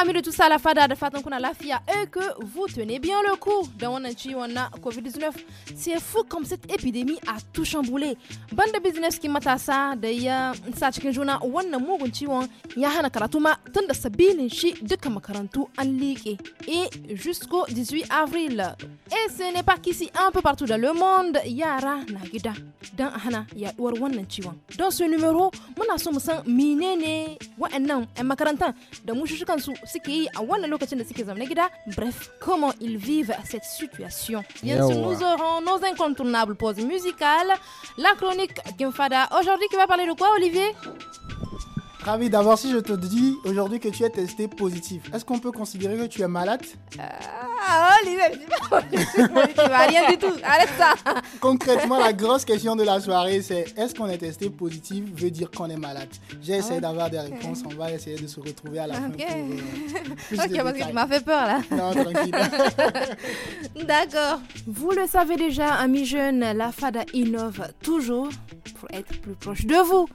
amiru tout ça la fada da fatan kuna lafiya et que vous tenez bien le coup dans wannan ciwon na covid-19 c'est fou comme cette épidémie a tout chamboulé de business kin matasa da ya sa cikin juna wannan mugun ciwon ya hana karatu ma tun da sabilin shi de makarantu an liƙe et jusqu'au 18 avril et ce n'est pas qu'ici un peu partout dans le monde yara na gida dan a hana yaduwar wannan ciwon don su numero muna so mu san menene wa'annan 'yan makarantar da mushushukan su bref comment ils vivent cette situation Bien sûr, nous aurons nos incontournables pauses musicales la chronique Gimfada aujourd'hui qui va parler de quoi Olivier Ravi d'avoir si je te dis aujourd'hui que tu es testé positif. Est-ce qu'on peut considérer que tu es malade Ah, je rien du tout. Arrête ça. Concrètement, la grosse question de la soirée, c'est est-ce qu'on est testé positif veut dire qu'on est malade J'ai essayé ah d'avoir des réponses. On va essayer de se retrouver à la fin. Ok, pour, euh, ok, parce que tu m'as fait peur là. Non, tranquille. D'accord. Vous le savez déjà, amis jeunes, la FADA innove toujours pour être plus proche de vous.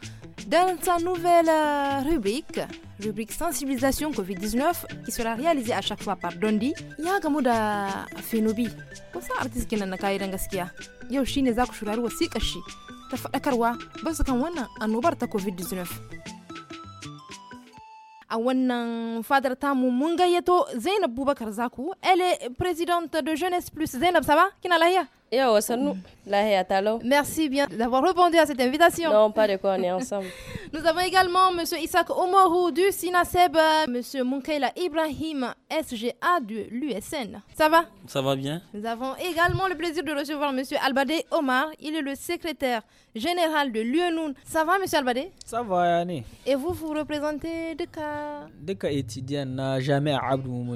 Dans sa nouvelle euh, rubrique, rubrique sensibilisation Covid-19, qui sera réalisée à chaque fois par Dondi, il y a comme da Fenobi. Pour ça, artiste qui n'a pas été gaskiya. Yau shi ne za ku qui wasi kashi ta faɗakarwa ba su kan wannan annobar ta Covid-19. A wannan fadar tamu mun gayyato Zainab Bubakar Zaku, elle est présidente de Jeunesse Plus. Zainab, ça va? Kina lahiya? Merci bien d'avoir répondu à cette invitation. Non, pas de quoi, on est ensemble. Nous avons également M. Isaac Omarou du SINASEB, euh, M. Munkaila Ibrahim, SGA de l'USN. Ça va Ça va bien. Nous avons également le plaisir de recevoir M. Albade Omar. Il est le secrétaire général de l'UNUN. Ça va, M. Albadé Ça va, Yannick. Et vous, vous représentez de quoi De étudiant euh, jamais à Abdou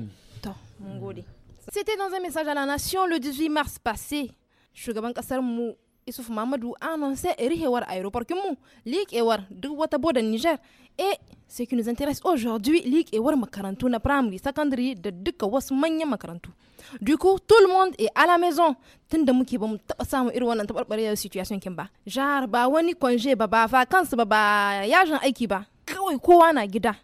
C'était dans un message à la nation le 18 mars passé shugaban kasar mu Isuf Mamadu anon sai rihewar aeroportinmu liƙewar duk wata bodan Niger e ce qui nous intéresse aujourd'hui liƙewar makarantu na primary secondary da duka wasu manyan makarantu du coup tout le monde est à la maison tunda muke ba mu taɓa samun irin wannan taɓarɓarewar situation kin ba jar ba wani kwanje ba ba vacances ba ba yajin aiki ba kawai kowa na gida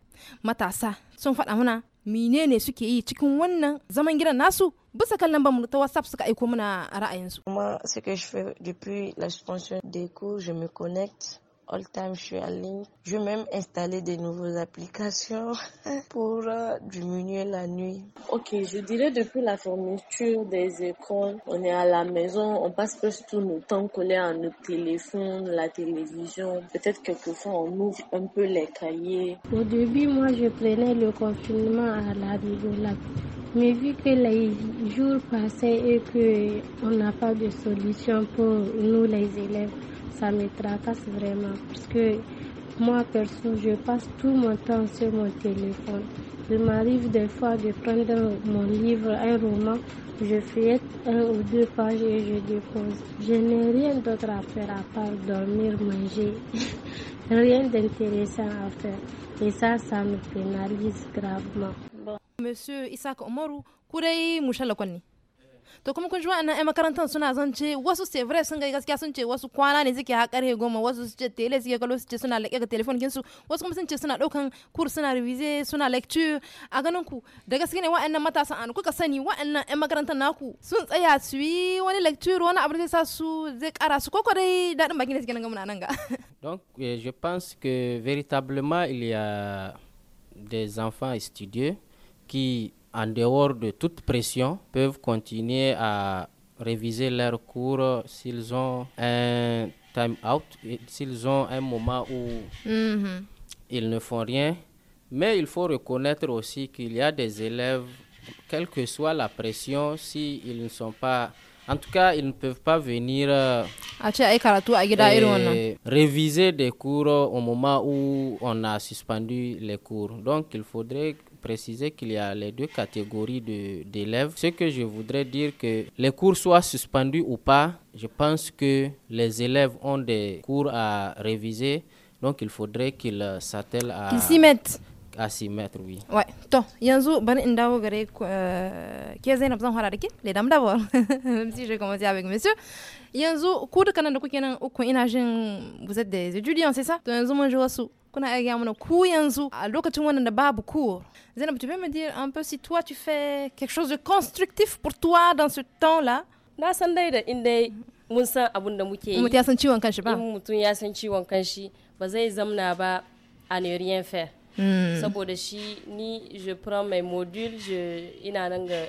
matasa sun faɗa muna mine ne suke yi cikin wannan zaman gidan nasu bisa kan lambar mu ta WhatsApp suka aiko mana ra'ayinsu. Kuma suka shi depuis la suspension des cours je me connecte je suis Je vais même installer des nouvelles applications pour euh, diminuer la nuit. Ok, je dirais depuis la fermeture des écoles, on est à la maison, on passe presque tout notre temps collé à nos téléphones, la télévision. Peut-être quelquefois on ouvre un peu les cahiers. Au début, moi, je prenais le confinement à la rigolade. Mais vu que les jours passaient et qu'on n'a pas de solution pour nous les élèves, ça me tracasse vraiment. Parce que moi, perso, je passe tout mon temps sur mon téléphone. Il m'arrive des fois de prendre mon livre, un roman, je fais un ou deux pages et je dépose. Je n'ai rien d'autre à faire à part dormir, manger. rien d'intéressant à faire. Et ça, ça me pénalise gravement. Monsieur Isaac Omoru, Kurei to kuma kun ji wa'annan 'yan makarantar suna zance wasu sai vrai sun ga gaskiya sun ce wasu kwana ne suke haƙar he goma wasu su ce tele suke kallo su ce suna laƙe ga telefon kinsu wasu kuma sun ce suna ɗaukan kur suna revise suna lecture a ganin ku da gaske ne wa'annan matasan an kuka sani wa'annan 'yan makarantar naku sun tsaya su yi wani lecture wani abu zai sa su zai ƙara su koko dai daɗin bakin da suke nan gamuna nan ga. donc eh, je pense que véritablement il y a des enfants studieux qui en dehors de toute pression, peuvent continuer à réviser leurs cours s'ils ont un time out, s'ils ont un moment où mhm. ils ne font rien. Mais il faut reconnaître aussi qu'il y a des élèves, quelle que soit la pression, s'ils ils ne sont pas... En tout cas, ils ne peuvent pas venir euh, réviser des cours au moment où on a suspendu les cours. Donc, il faudrait préciser qu'il y a les deux catégories d'élèves. Ce que je voudrais dire que les cours soient suspendus ou pas, je pense que les élèves ont des cours à réviser, donc il faudrait qu'ils euh, s'attellent à... Qu'ils s'y mettent à s'y mettre, oui. Ouais. Donc, yanzu bari ndawo gare ke a besoin les dames d'abord. Même si j'ai commencé avec monsieur. Yanzu vous êtes des étudiants, c'est ça? Yanzo, yanzu moi, je kuna aya mana ku yanzu a lokacin wannan da babu cours Zainab tu peux me dire un peu si toi tu fais quelque chose de constructif pour toi dans ce temps là na san dai da inda mun san abun da muke yi mutum ya san ciwon kanshi ba mutum ya san ciwon kanshi ba zai zamna ba a ne rien faire hmm. saboda shi ni je prends mes modules je ina nan ga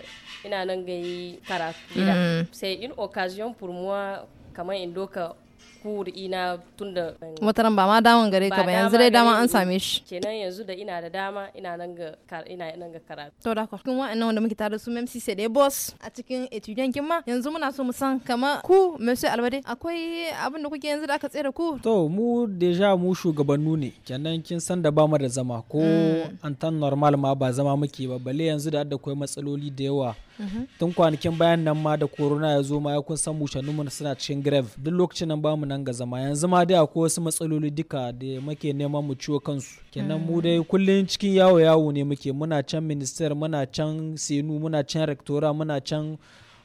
ina nan ga yi karatu gida hmm. c'est une occasion pour moi kamar in doka Ku da ina tunda wataran ba ma daman gare ka ba yanzu dai dama an same shi kenan yanzu da ina da dama ina nan ga ina nan ga karatu to da kun wa'annan wanda muke tare su mem si sai dai boss a cikin etudiant kin ma yanzu muna so mu san kamar ku monsieur albade akwai abin da kuke yanzu da aka tsere ku to mu deja mu shugabannu ne kenan kin san da ba mu da zama ko mm. an tan normal ma ba zama muke ba bale yanzu da da akwai matsaloli da yawa Mhm. tun kwanakin bayan nan ma da corona ya zo ma ya kun san mushanninmu suna cikin grave duk lokacin nan bamu nan ga zama yanzu ma dai akwai wasu matsaloli duka da muke neman mu ciwo kansu kenan mu mhm. dai kullun cikin yawo yawo ne muke muna can minister muna can senu muna can rectora muna can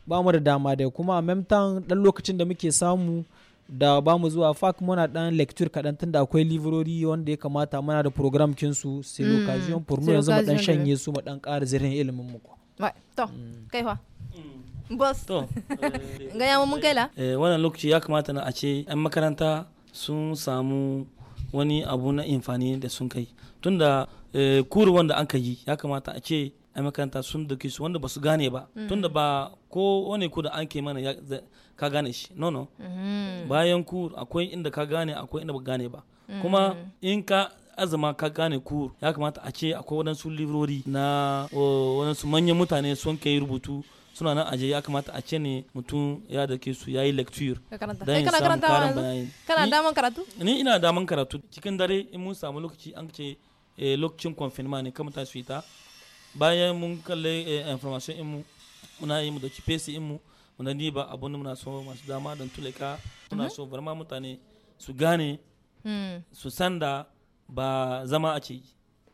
ba mu da dama dai kuma a memtan dan lokacin da muke samu da ba mu zuwa fak muna dan lecture kaɗan tunda akwai livrori wanda ya kamata muna da program kinsu sai mm. pour nous yanzu mu dan shanye su mu dan ƙara zirin ilimin mu Ouais, to, mm. kaiwa. Mm. Bus. To. Gaya mun kai la? Eh wannan lokaci ya kamata na a ce 'yan makaranta sun samu wani abu na amfani da sun kai. Tunda eh, wanda an ka yi ya kamata a ce 'yan makaranta sun dauke su wanda ba su gane ba. Mm. Tunda ba ko wani ku da an ke mana ka gane shi. No no. Mm-hmm. Bayan kur akwai inda ka gane akwai inda ba gane ba. Kuma in ka azama ka gane kur ya kamata a ce akwai waɗansu librori na waɗansu manyan mutane sun kai rubutu suna nan aje ya kamata a ce ne mutum ya da ke su yi lecture dan eh, ya samu karin bayani kana daman karatu ni ina daman karatu cikin dare in mun samu lokaci an ce eh, lokacin confinement ne kamata ta su ta. bayan mun kalle eh, information in mu muna yi mu da pesi in mu muna ni ba abun muna so masu dama don tuleka muna mhm. so barma mutane su gane hmm. su sanda ba zama a ce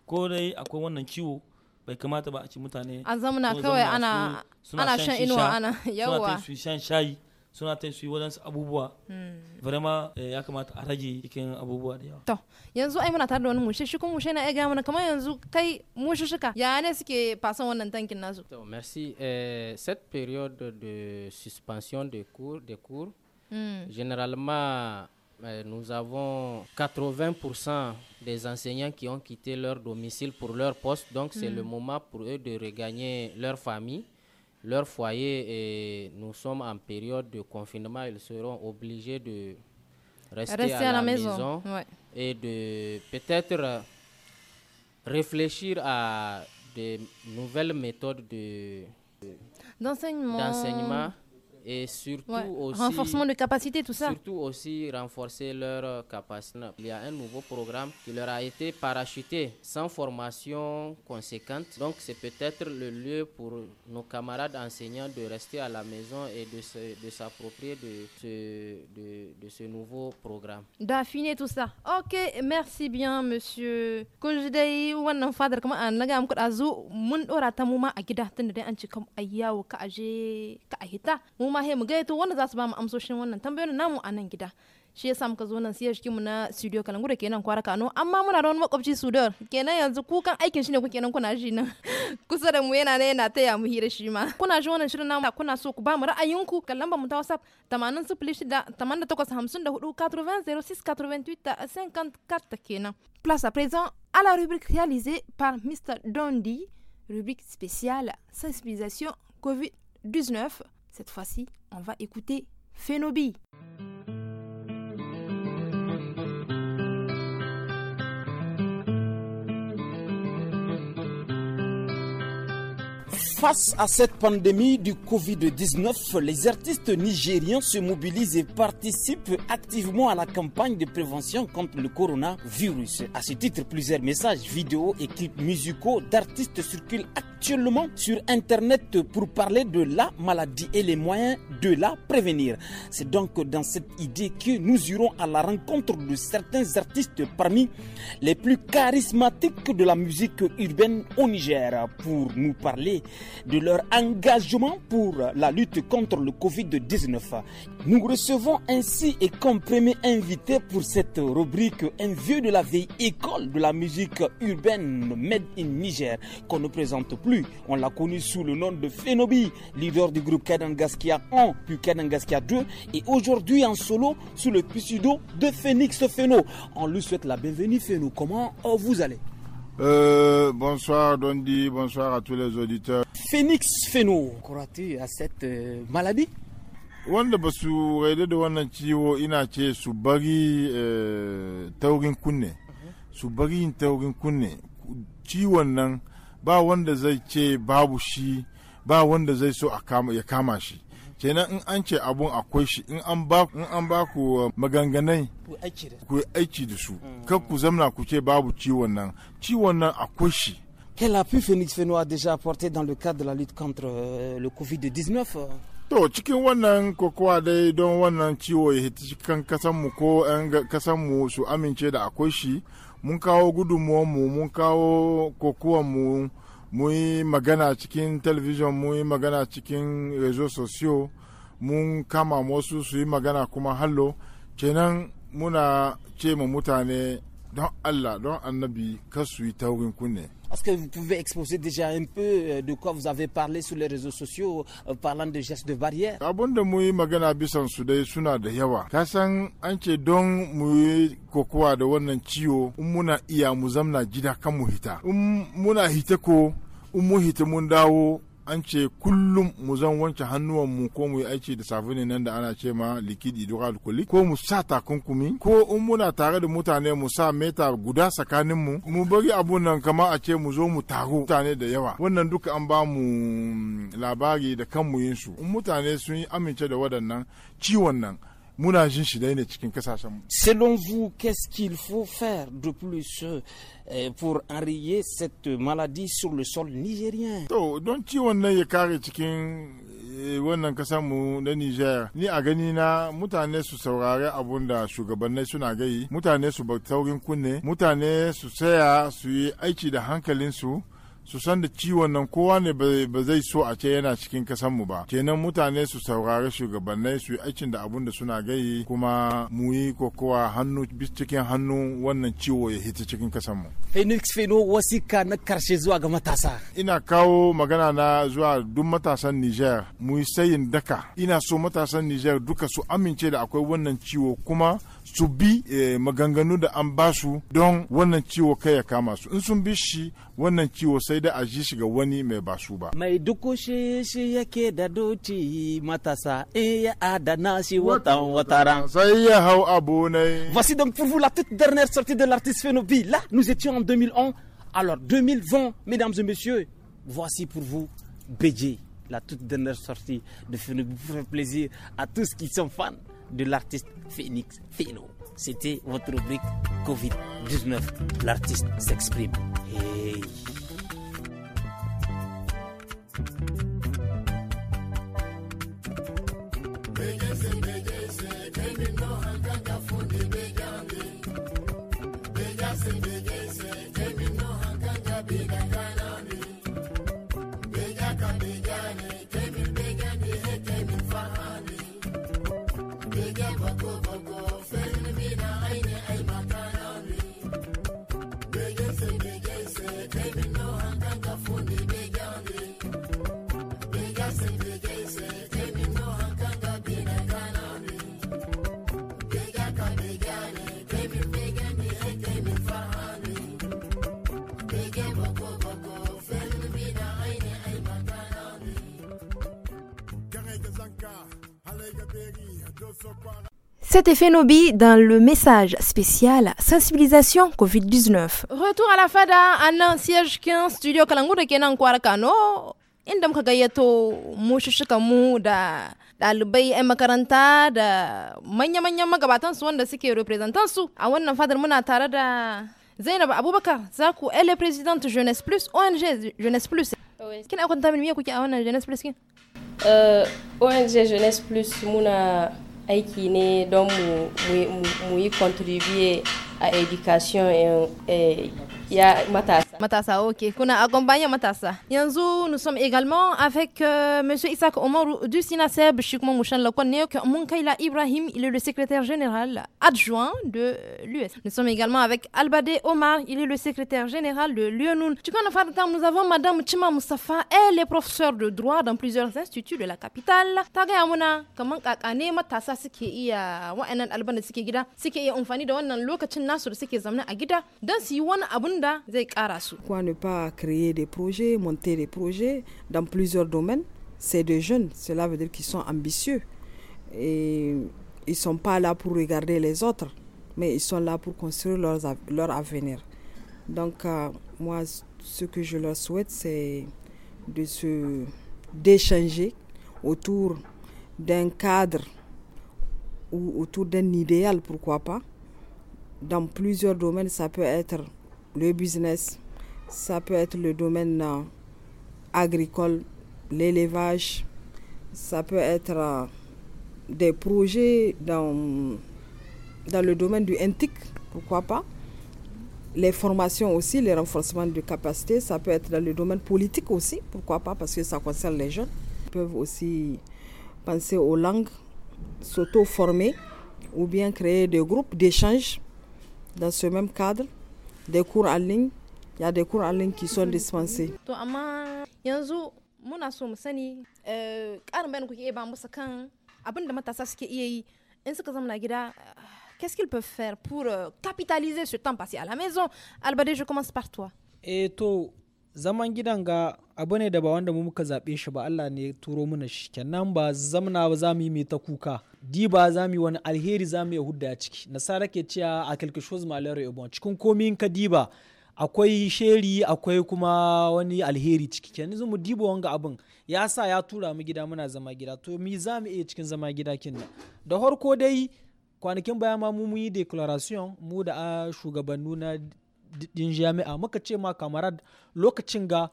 ko dai akwai wannan ciwo bai kamata ba a ci mutane an zamana kawai ana ana shan inuwa ana yawa suna ta su shan shayi suna ta su wadansu abubuwa hmm. vraiment eh, ya kamata a rage cikin abubuwa da yawa to yanzu ai muna tare da wani mushe shi kuma mushe na ya gaya mana kamar yanzu kai mushe mushushika ya ne suke fasan wannan tankin nasu to merci eh, cette période de suspension de cours des cours hmm. généralement nous avons 80% des enseignants qui ont quitté leur domicile pour leur poste, donc c'est mm. le moment pour eux de regagner leur famille, leur foyer, et nous sommes en période de confinement, ils seront obligés de rester, à, la, maison, et de peut-être euh, réfléchir à de nouvelles méthodes de d'enseignement et surtout aussi renforcement de capacité tout ça surtout aussi renforcer leur euh, capacité il y a un nouveau programme qui leur a été parachuté sans formation conséquente donc c'est peut-être le lieu pour nos camarades enseignants de rester à la maison et de s'approprier de ce, de, de, ce nouveau programme d'affiner tout ça ok merci bien monsieur ma he mu gaito wanda za su ba mu amsoshin wannan tambayoyin namu a nan gida shi yasa muka zo nan siyar mu na studio kalangu da kenan kwara kano amma muna da wani makwabci sudar kenan yanzu kukan aikin shi ne kuke nan kuna ji nan kusa da mu yana na yana taya mu hira shi ma kuna ji wannan shirin namu kuna so ku ba mu ra'ayinku kan lambar mu ta whatsapp 80 kenan place à présent à la rubrique réalisée par Mr Dondi rubrique spéciale sensibilisation covid 19 cette fois-ci, on va écouter Phenobi. Face à cette pandémie du Covid-19, les artistes nigériens se mobilisent et participent activement à la campagne de prévention contre le coronavirus. À ce titre, plusieurs messages, vidéos et clips musicaux d'artistes circulent actuellement sur Internet pour parler de la maladie et les moyens de la prévenir. C'est donc dans cette idée que nous irons à la rencontre de certains artistes parmi les plus charismatiques de la musique urbaine au Niger pour nous parler de leur engagement pour la lutte contre le Covid-19. Nous recevons ainsi et comme premier invité pour cette rubrique un vieux de la vieille école de la musique urbaine Made in Niger qu'on ne présente plus. On l'a connu sous le nom de FENOBI, leader du groupe Kadangaskia 1 puis Kadangaskia 2 et aujourd'hui en solo sous le pseudo de Phoenix FENO. On lui souhaite la bienvenue FENO, Comment vous allez Euh, bonsoir Dondi, bonsoir à tous les auditeurs. Phoenix Feno, crois-tu à cette euh, maladie wanda euh, ba su raide da wannan ciwo ina ce su bari taurin kunne su bari yin taurin kunne ciwon nan ba wanda zai ce babu shi ba wanda zai so ya kama shi kenan in an ce abun akwai shi in an ba in an ba ku uh, maganganai ku aiki da su mm. kar ku zamna ku ce babu ciwon nan ciwon nan akwai shi Quel appui Phoenix Feno a déjà apporté dans le cadre de la lutte contre euh, le Covid-19 To cikin wannan kokowa dai don wannan ciwo ya hita cikin kasanmu ko 'yan kasanmu su amince da akwai shi, mun kawo gudunmuwanmu, mun kawo mu. mun magana cikin television mun magana cikin rezo sosiyo mun kama wasu su yi magana kuma hallo kenan muna ce ma mutane don allah don annabi kasu yi taurin kunne Est-ce que vous pouvez exposer déjà un peu euh, de quoi vous avez parlé sur les réseaux sociaux euh, parlant de gestes de barrière Abin da mu yi magana bisan su dai suna da yawa. Ka san an ce don mu yi kokowa da wannan ciwo in um, muna iya mu zamna gida kan mu hita. In muna hita ko mun hita mun dawo an ce kullum mu zan wanke mu ko mu yi aiki da sabulin nan da ana ce ma liquid hydroalcoholic ko mu sa takunkumi ko in muna tare da mutane mu sa meta guda tsakanin mu mu bari abun nan kamar a ce mu zo mu taru mutane da yawa wannan duka an ba mu mm, labari da kanmu yin su in mutane sun yi amince da waɗannan ciwon nan Selon vous, qu'est-ce qu'il faut faire de plus eh, pour enrayer cette maladie sur le sol nigérien eh, wannan mu na Nijar ni a gani na mutane su saurari abun da shugabannai suna gai mutane su saurin kunne mutane su saya su yi aiki da hankalinsu su san da ciwon nan kowa ne ba zai so a ce yana cikin kasan mu ba kenan mutane su saurari shugabannai su yi aikin da abun da suna gayi kuma mu yi kokowa hannu cikin hannu wannan ciwo ya hita cikin kasan mu. Phoenix Feno wasika na karshe zuwa ga matasa. Ina kawo magana na zuwa duk matasan Niger mu yi sayin daka. Ina so matasan Niger duka su amince da akwai wannan ciwo kuma su bi eh, maganganu da an ba su don wannan ciwo kai ya kama su in sun bi shi wannan ciwo sai da a ji ga wani mai ba ba mai duku shi yake da doti matasa e ya adana shi watan wataran sai ya hau abu ne voici donc pour vous la toute dernière sortie de l'artiste Fenobi là nous étions en 2011 alors 2020 mesdames et messieurs voici pour vous Bédier la toute dernière sortie de Fenobi pour faire plaisir à tous qui sont fans de l'artiste Phoenix Feno. C'était votre rubrique Covid-19. L'artiste s'exprime. C'était Phenobi dans le message spécial sensibilisation COVID-19. Retour à la fada, anan siège 15 studio Kalangu de kenan Kwarakano. Indam muka gayyato mu shushuka mu da ɗalibai 'yan makaranta da manya-manyan magabatan su wanda suke representan su a wannan fadar muna tare da Zainab Abubakar Zaku, elle est présidente Jeunesse Plus, ONG Jeunesse Plus. Oui. Kina kwanta min miya a wannan Jeunesse Plus kin? Euh, ONG Jeunesse Plus muna aiki ne don mu yi contribuer a education a matasa Matassa, ok. a accompagné Matassa. Yanzu, nous sommes également avec euh, Monsieur M. Isaac Omar du SINASEB, suis Mouchan Lokone, Munkaila Ibrahim, il est le secrétaire général adjoint de l'US. Nous sommes également avec Albade Omar, il est le secrétaire général de l'UNUN. Nous avons Madame Chima Moustapha, elle est professeure de droit dans plusieurs instituts de la capitale. Tagaya Mouna, comment kakane Matassa, ce qui est wa'annan alban da suke gida suke iya amfani da wannan lokacin nasu da suke a gida don su yi wani abun zai pourquoi ne pas créer des projets, monter des projets dans plusieurs domaines C'est des jeunes, cela veut dire qu'ils sont ambitieux. Et ils ne sont pas là pour regarder les autres, mais ils sont là pour construire leur, leur avenir. Donc, euh, moi, ce que je leur souhaite, c'est de se d'échanger autour d'un cadre ou autour d'un idéal, pourquoi pas. Dans plusieurs domaines, ça peut être le business, ça peut être le domaine euh, agricole, l'élevage, ça peut être euh, des projets dans, le domaine du NTIC, pourquoi pas. Les formations aussi, les renforcements de capacités, ça peut être dans le domaine politique aussi, pourquoi pas, parce que ça concerne les jeunes. Ils peuvent aussi penser aux langues, s'auto-former ou bien créer des groupes d'échange dans ce même cadre, des cours en ligne ya dai kun son dispense to amma yanzu muna so mu sani karin eh, bayan kuke iya ba musu kan abin da matasa suke iya yi in suka zama gida qu'est-ce qu'il peut faire pour euh, capitaliser ce temps passé à la maison albade je commence par toi eh to zaman gidan ga abu ne da ba wanda mu muka zaɓe shi ba Allah ne turo mana shi kenan ba zamna ba zamu mai ta kuka di ba za wani alheri za mu yi hudda ciki nasara ke cewa a quelque chose malheur bon cikin komi ka ba akwai sheri akwai kuma wani alheri ciki yanzu mu diba wanga abin ya sa ya tura mu gida muna zama gida to mi za mu iya cikin zama gida kinna da harko dai kwanakin baya ma mu yi declaration mu da ah, shugabannu na din jami'a muka ce ma kamarad lokacin ga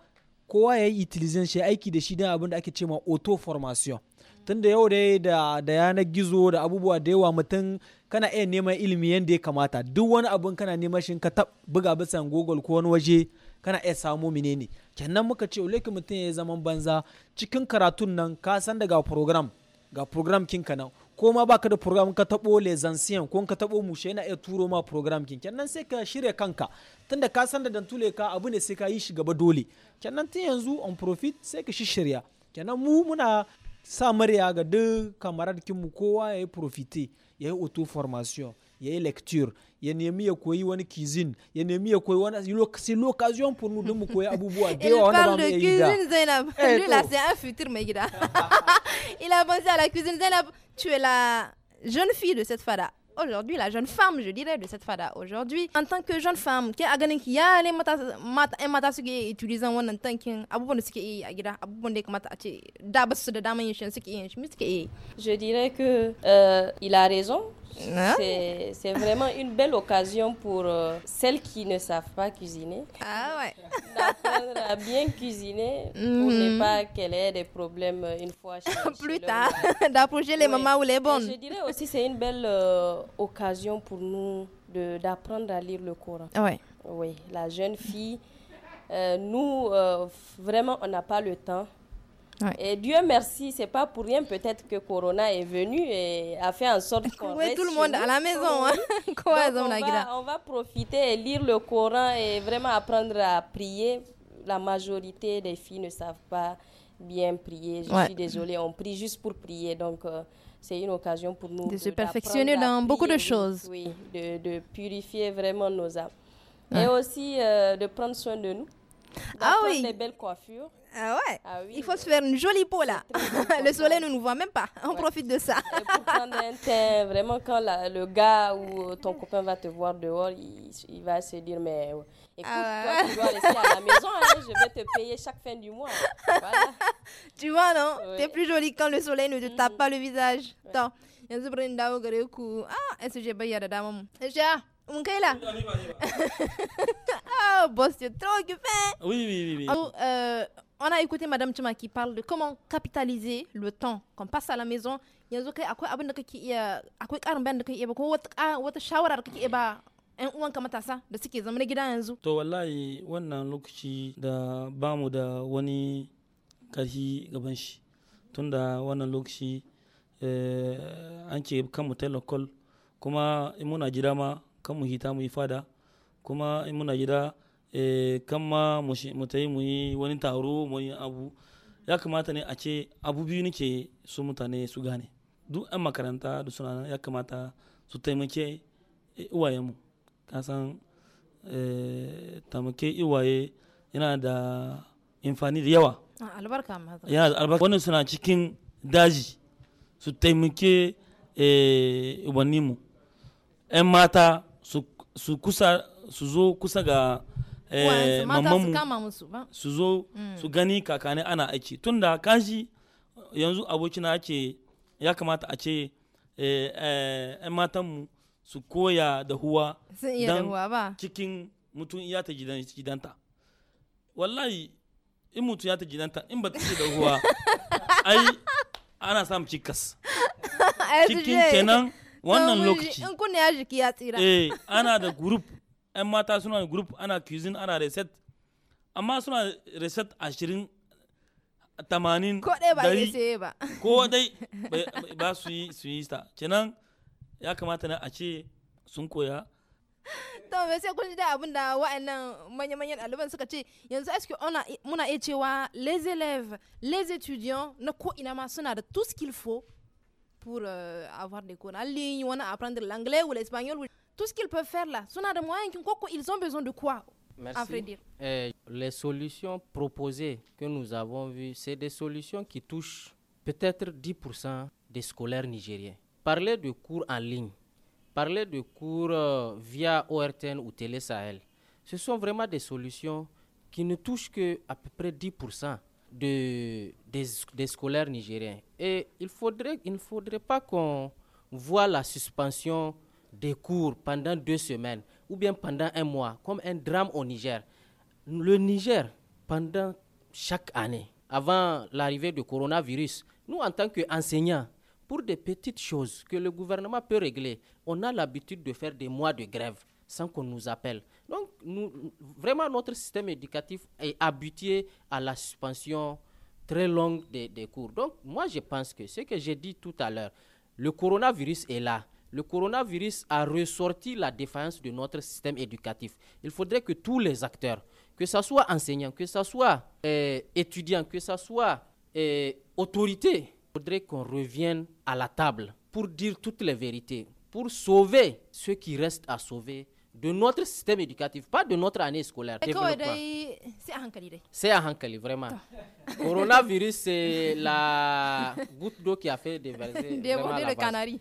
kowa ya yi itilizin shi aiki da shi don abin da ake ce ma auto formation tunda da yau dai da yanar gizo da abubuwa da yawa mutum kana iya neman ilimi yadda ya kamata duk wani abun kana neman shi ka buga bisan google ko wani waje kana iya samu menene kenan muka ce ulaikin mutum ya yi zaman banza cikin karatun nan ka san daga program ga program ka nan ko ma baka da program ka tabo lezansiyan ko ka tabo mushe yana iya turo ma program kin kenan sai ka shirya kanka tunda ka san da dantule ka abu ne sai ka yi shi gaba dole kenan tun yanzu on profit sai ka shirya kenan mu muna sa murya ga duk kamar mu kowa ya yi profite y Il a eu auto formation a une lecture il y a koyi wani il y a ya koyi wani c'est l'occasion pour nous de mu koyi Il parle de cuisine Zainab eh, lui là c'est un futur megida il a pensé à la cuisine Zainab tu es la jeune fille de cette fada aujourd'hui, la jeune femme, je dirais, de cette fada aujourd'hui, en tant que jeune femme, qui a gagné qui a les matas, et mata qui est utilisé en tant que abou de ce qui est à gira de ce de ce qui est ce qui est je dirais que euh, il a raison c'est vraiment une belle occasion pour euh, celles qui ne savent pas cuisiner. Ah ouais. D'apprendre à bien cuisiner pour ne mhm. pas qu'elle ait des problèmes une fois Plus tard, d'approcher les mamans ou les bonnes. je dirais aussi c'est une belle euh, occasion pour nous d'apprendre à lire le Coran. ouais. Oui, la jeune fille, euh, nous, vraiment, on n'a pas le temps et Dieu merci, c'est pas pour rien peut-être que Corona est venu et a fait en sorte qu'on reste tout le monde à la maison. Hein? on, va, on, va, profiter et lire le Coran et vraiment apprendre à prier. La majorité des filles ne savent pas bien prier. Je suis désolée, on prie juste pour prier. Donc euh, c'est une occasion pour nous de, se perfectionner dans beaucoup de choses. Oui, de, purifier vraiment nos âmes. Et aussi euh, de prendre soin de nous. Ah oui. Les belles coiffures. Ah ouais ah oui, Il faut se faire une jolie peau là. le soleil ne nous voit même pas. On profite de ça. Et pour prendre un vraiment quand le gars ou ton copain va te voir dehors, il, va se dire mais écoute, ah toi, tu dois rester à la maison, hein, je vais te payer chaque fin du mois. Tu vois non T'es plus jolie quand le soleil ne te tape mm. pas le visage. Attends. Ah, est-ce que j'ai payé la dame mon suis là Oh, boss, tu es trop occupé. Oui, oui, oui. oui. Oh, euh, on a écouté Madame Tchima qui parle de comment capitaliser le temps qu'on passe à la maison. yanzu kai akwai abin da kake iya akwai karin bayan da kake iya ko wata shawara da kake en ba yan uwanka matasa da suke zama na gida yanzu to wallahi wannan lokaci da bamu da wani karfi gaban shi tunda wannan lokaci eh ce kan mu telokol kuma in muna ma kan mu hita mu ifada fada kuma in muna gida Eh, kan ma mu ta yi yi wani taro mu yi abu ya kamata ne a ce abu biyu nake su mutane su gane duk 'yan makaranta da suna ya kamata su taimake iwayenmu kasan eh, taimake iwaye yana da infani da yawa albarka yana da albarka wani suna cikin daji su taimake eh, mu 'yan mata su kusa su zo kusa ga Eh, mamman su zo mm. su gani kakani ana aiki tunda kashi yanzu abokina ake ya kamata a ce 'yan eh, eh, matanmu su koya da huwa don cikin mutum ya ta gidanta wallahi in mutum ya ta gidanta in ba ta ce da huwa ai ana samu cikas cikin kenan wannan lokaci in kuna ya jiki ya tsira eh ana da group un mata suna group ana cuisine ana reset amma reset ashirin ko dai ba su yi kenan ya kamata na a ce sun koya to me sai kun wa'annan manyan suka ce yanzu muna les élèves les étudiants na ko ina tout ce qu'il faut pour euh, avoir des cours en ligne wani apprendre l'anglais ou l'espagnol tout ce qu'ils peuvent faire là, ils ont besoin de quoi eh, les solutions proposées que nous avons vues, c'est des solutions qui touchent peut-être 10% des scolaires nigériens. Parler de cours en ligne, parler de cours euh, via ORTN ou Télé Sahel, ce sont vraiment des solutions qui ne touchent que à peu près 10% des, scolaires nigériens. Et il, faudrait, il ne faudrait pas qu'on voit la suspension des cours pendant deux semaines ou bien pendant un mois, comme un drame au Niger. Le Niger, pendant chaque année, avant l'arrivée du coronavirus, nous, en tant qu'enseignants, pour des petites choses que le gouvernement peut régler, on a l'habitude de faire des mois de grève sans qu'on nous appelle. Donc, vraiment, notre système éducatif est habitué à la suspension très longue des, des cours. Donc, moi, je pense que ce que j'ai dit tout à l'heure, le coronavirus est là le coronavirus a ressorti la défense de notre système éducatif. Il faudrait que tous les acteurs, que ce soit enseignants, que ce soit eh, étudiants, que ce soit eh, autorités, il faudrait qu'on revienne à la table pour dire toutes les vérités, pour sauver ceux qui reste à sauver de notre système éducatif, pas de notre année scolaire. C'est à Hankali. C'est vraiment. Coronavirus, c'est la goutte d'eau qui a fait le canari.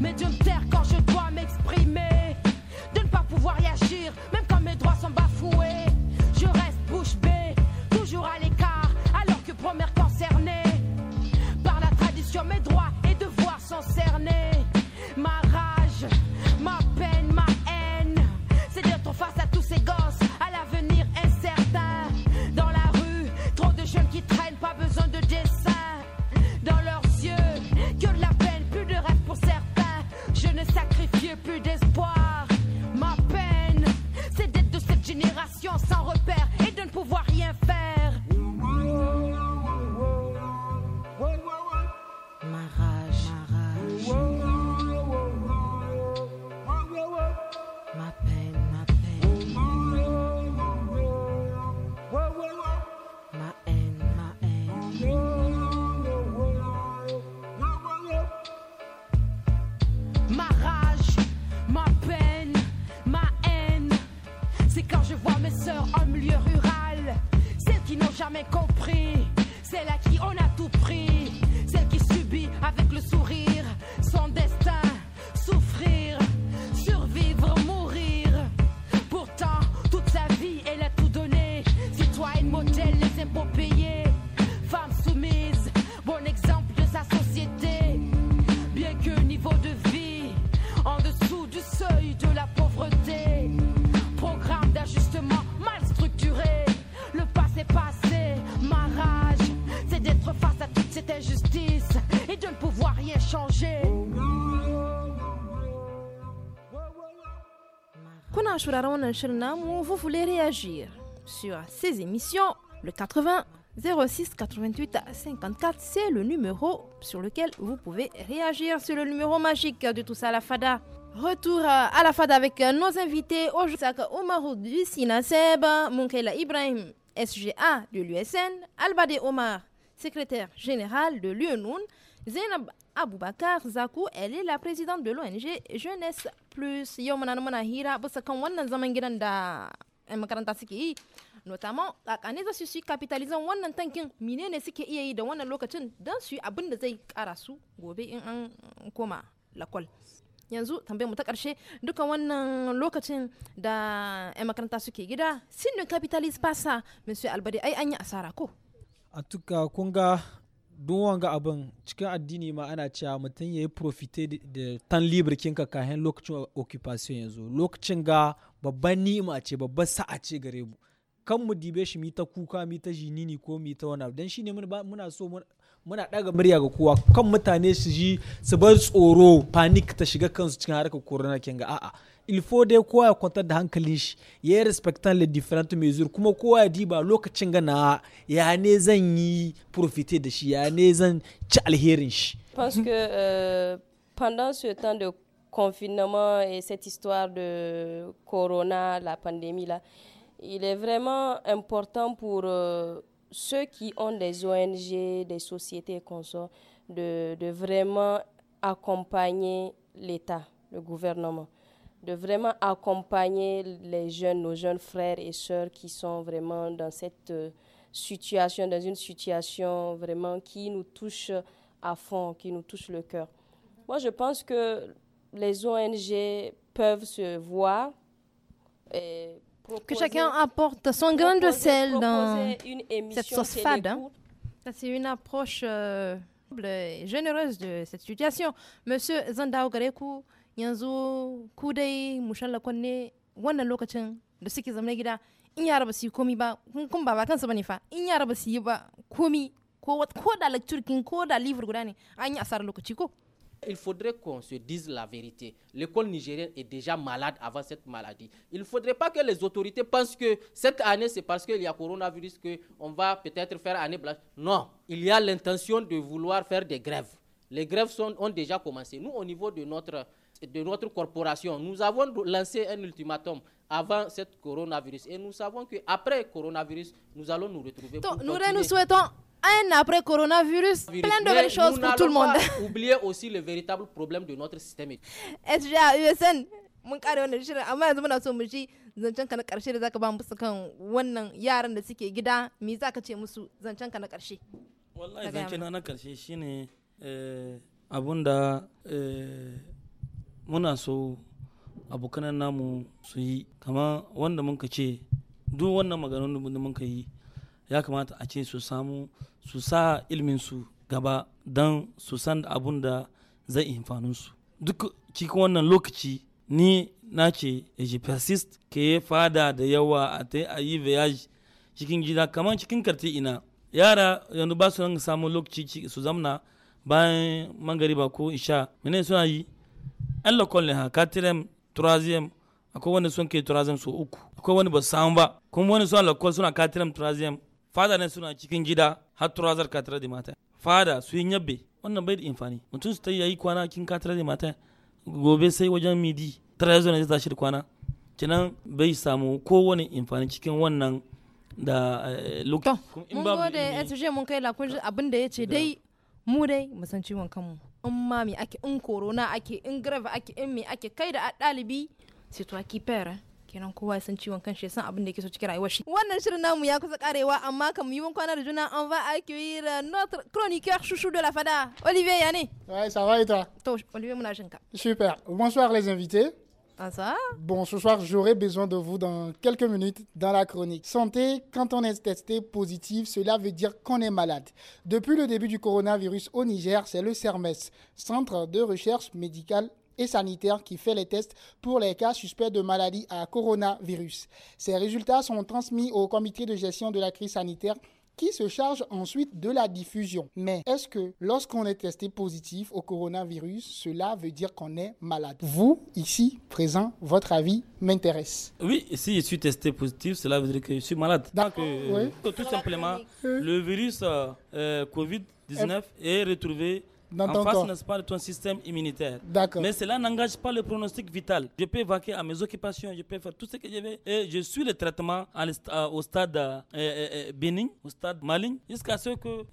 Mais me terre quand je dois m'exprimer vous voulez réagir sur ces émissions, le 80 06 88 54, c'est le numéro sur lequel vous pouvez réagir sur le numéro magique de tout ça la fada. Retour à la fada avec nos invités aujourd'hui, Omarou du Sinaseb, Monkela Ibrahim, SGA de l'USN, Albade Omar, secrétaire général de l'UNUN, Zainab Aboubakar Zakou, elle est la présidente de l'ONG Jeunesse plus yau muna muna hira bisa kan wannan zaman gidan da 'yan makaranta suke yi notamment kakane za su yi capitalizan wannan tankin menene suke iya yi da wannan lokacin don su yi abin da zai kara su gobe in an koma lakwal yanzu tambayar mu ta karshe duka wannan lokacin da 'yan makaranta suke gida sin ne capitalist fasa monsieur albadi ai an yi asara ko a tuka kun ga don wanga abin cikin addini ma ana cewa mutum ya yi profite da tan libirkin ka kayan lokacin occupation yanzu lokacin ga babban ni'ima ce babban sa'a ce gare mu kan mu dibe shi mi ta kuka mi ta jinini ko mi ta wani abu dan shine muna so muna daga murya ga kowa kan mutane su ji su bar tsoro panic ta shiga kansu cikin harkar corona kin ga a'a il faut quoi compter ya kwantar et respecter les différentes mesures comme quoi different ya ne yi profiter, ya ne ci parce que euh, pendant ce temps de confinement et cette histoire de corona la pandémie là il est vraiment important pour euh, ceux qui ont des ONG, des sociétés consorts, de, de vraiment accompagner l'État, le gouvernement de vraiment accompagner les jeunes, nos jeunes frères et sœurs qui sont vraiment dans cette euh, situation, dans une situation vraiment qui nous touche à fond, qui nous touche le cœur. Moi, je pense que les ONG peuvent se voir. Et que chacun apporte son grain de sel dans cette sauce fade. Hein. c'est une approche euh, généreuse de cette situation. Monsieur Zandao Garekou, il faudrait qu'on se dise la vérité. L'école nigérienne est déjà malade avant cette maladie. Il ne faudrait pas que les autorités pensent que cette année, c'est parce qu'il y a coronavirus qu'on va peut-être faire année blanche. Non, il y a l'intention de vouloir faire des grèves. Les grèves sont, ont déjà commencé. Nous, au niveau de notre de notre corporation, nous avons lancé un ultimatum avant cette coronavirus. Et nous savons qu'après coronavirus, nous allons nous retrouver. Donc, pour nous, nous souhaitons un après coronavirus, virus. plein de belles choses pour tout le monde. oublier aussi le véritable problème de notre système. USN, mon kare wannan shirin amma yanzu muna so mu ji zancen ka na karshe da zaka ba musu kan wannan yaran da suke gida me ka ce musu zancen ka na karshe wallahi zancen na karshe shine eh abunda eh muna so abokanan namu su yi kama wanda muka ce duk wannan maganganun da muka yi ya kamata a ce su samu su sa su gaba don su san da abun da zai imfaninsu duk cikin wannan lokaci ni na ce egyptist ke fada da yawa a ta a yi voyage cikin gida kamar cikin karti ina yara yanzu ba su samun lokaci su zamna bayan mangariba ko isha mene suna yi 'yan lakon ne ha katirem turaziyem akwai wani sun kai turaziyem so uku akwai wani ba samu ba kuma wani suna lakon suna katirem turaziyem fada ne suna cikin gida har turazar katira da mata fada su yi yabbe wannan bai da infani mutum su ta yi kwana kin katira da mata gobe sai wajen midi turaziyem ne zai tashi da kwana kinan bai samu kowane infani cikin wannan da eh, lokacin. mun gode mun kai lakon abin da ya ce dai mu dai musan ciwon kanmu. in mami ake in corona ake in grave ake in me ake kai da dalibi sai to ake fara kenan kowa ya san ciwon kanshi ya san abin da yake so cikin rayuwar shi wannan shirin namu ya kusa karewa amma kam yi kwana da juna an va accueillir notre chroniqueur chouchou de la fada Olivier Yanné ouais ça va et toi to Olivier muna shinka super bonsoir les invités ah, bon, ce soir, j'aurai besoin de vous dans quelques minutes dans la chronique. Santé, quand on est testé positif, cela veut dire qu'on est malade. Depuis le début du coronavirus au Niger, c'est le CERMES, Centre de recherche médicale et sanitaire qui fait les tests pour les cas suspects de maladie à coronavirus. Ces résultats sont transmis au comité de gestion de la crise sanitaire qui se charge ensuite de la diffusion. Mais est-ce que lorsqu'on est testé positif au coronavirus, cela veut dire qu'on est malade Vous, ici, présent, votre avis m'intéresse. Oui, si je suis testé positif, cela veut dire que je suis malade. Donc euh, Tout simplement, le virus euh, euh, Covid-19 est retrouvé en face, nest de ton système immunitaire. Mais cela n'engage pas le pronostic vital. Je peux vaquer à mes occupations, je peux faire tout ce que je veux. Et je suis le traitement au stade euh, euh, euh, bénin, au stade maligne, jusqu'à ce que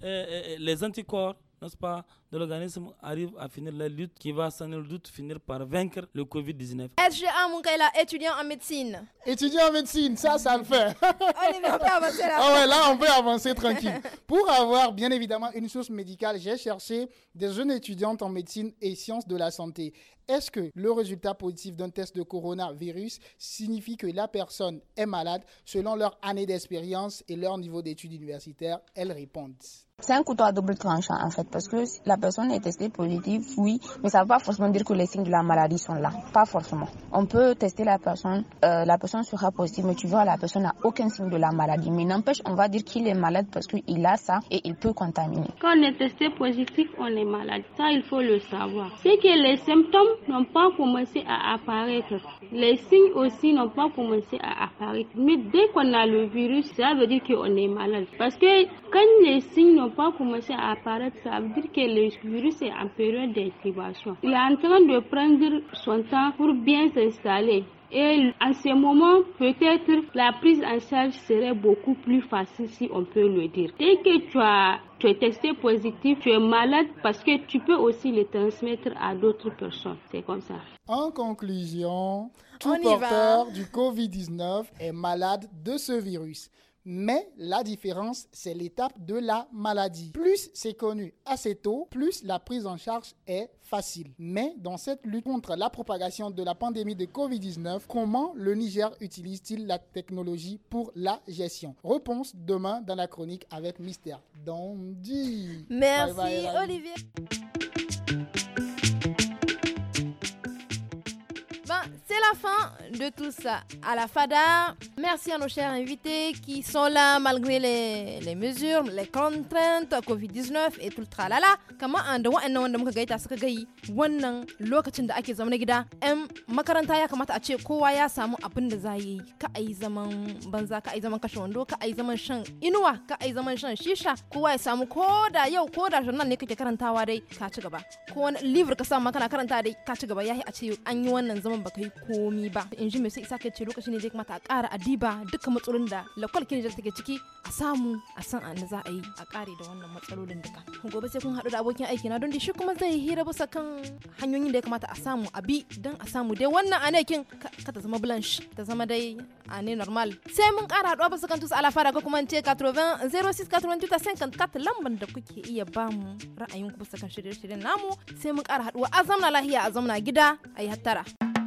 les anticorps n'est-ce pas, de l'organisme arrive à finir la lutte qui va sans le doute finir par vaincre le Covid-19. SGA Moukaila, étudiant en médecine. Étudiant en médecine, ça, ça le fait. on est avancer là. Ah ouais, là, on peut avancer tranquille. Pour avoir bien évidemment une source médicale, j'ai cherché des jeunes étudiantes en médecine et sciences de la santé. Est-ce que le résultat positif d'un test de coronavirus signifie que la personne est malade selon leur année d'expérience et leur niveau d'études universitaires Elles répondent. C'est un couteau à double tranchant en fait, parce que la personne est testée positive, oui, mais ça ne veut pas forcément dire que les signes de la maladie sont là, pas forcément. On peut tester la personne, euh, la personne sera positive, mais tu vois, la personne n'a aucun signe de la maladie. Mais n'empêche, on va dire qu'il est malade parce qu'il a ça et il peut contaminer. Quand on est testé positif, on est malade, ça il faut le savoir. C'est que les symptômes n'ont pas commencé à apparaître. Les signes aussi n'ont pas commencé à apparaître. Mais dès qu'on a le virus, ça veut dire qu'on est malade. Parce que quand les signes n'ont pas commencé à apparaître, ça veut dire que le virus est en période d'incubation. Il est en train de prendre son temps pour bien s'installer. Et en ce moment, peut-être la prise en charge serait beaucoup plus facile si on peut le dire. Dès que tu as tu es testé positif, tu es malade parce que tu peux aussi le transmettre à d'autres personnes. C'est comme ça. En conclusion, tout porteur du Covid-19 est malade de ce virus. Mais la différence, c'est l'étape de la maladie. Plus c'est connu assez tôt, plus la prise en charge est facile. Mais dans cette lutte contre la propagation de la pandémie de Covid-19, comment le Niger utilise-t-il la technologie pour la gestion Réponse demain dans la chronique avec Mystère Dandy. Merci Olivier. Ben, c'est la fin de tous à la FADA. Merci à nos chers invités qui sont là malgré les, les mesures, les contraintes, COVID-19 et tout le tralala. Comment on doit en wanda muka gaita suka gayi wannan lokacin da ake zama na gida yan makaranta ya kamata a ce kowa ya samu abin da za yi ka a yi zaman banza ka a yi zaman kashe wando ka a zaman shan inuwa ka zaman shan shisha kowa ya samu Koda, da yau ko da journal ne kake karantawa dai ka ci gaba ko wani livre ka samu kana karanta dai ka ci gaba yahi a ce an yi wannan zaman baka komi ba in ji mai sai isa ke ce lokaci ne zai kamata a ƙara adiba dukkan matsalolin da lakwal kinijar take ciki a samu a san an za a yi a kare da wannan matsalolin duka gobe sai kun haɗu da abokin aiki na don shi kuma zai hira bisa kan hanyoyin da ya kamata a samu a bi don a samu dai wannan anekin ka ta zama blanche ta zama dai a ne normal sai mun kara haɗuwa bisa kan tusa alafara ko kuma ce 80 06 88 54 lambar da kuke iya ba mu ra'ayin ku bisa kan shirye-shiryen namu sai mun kara haɗuwa a zamna lahiya a zamna gida a yi hattara.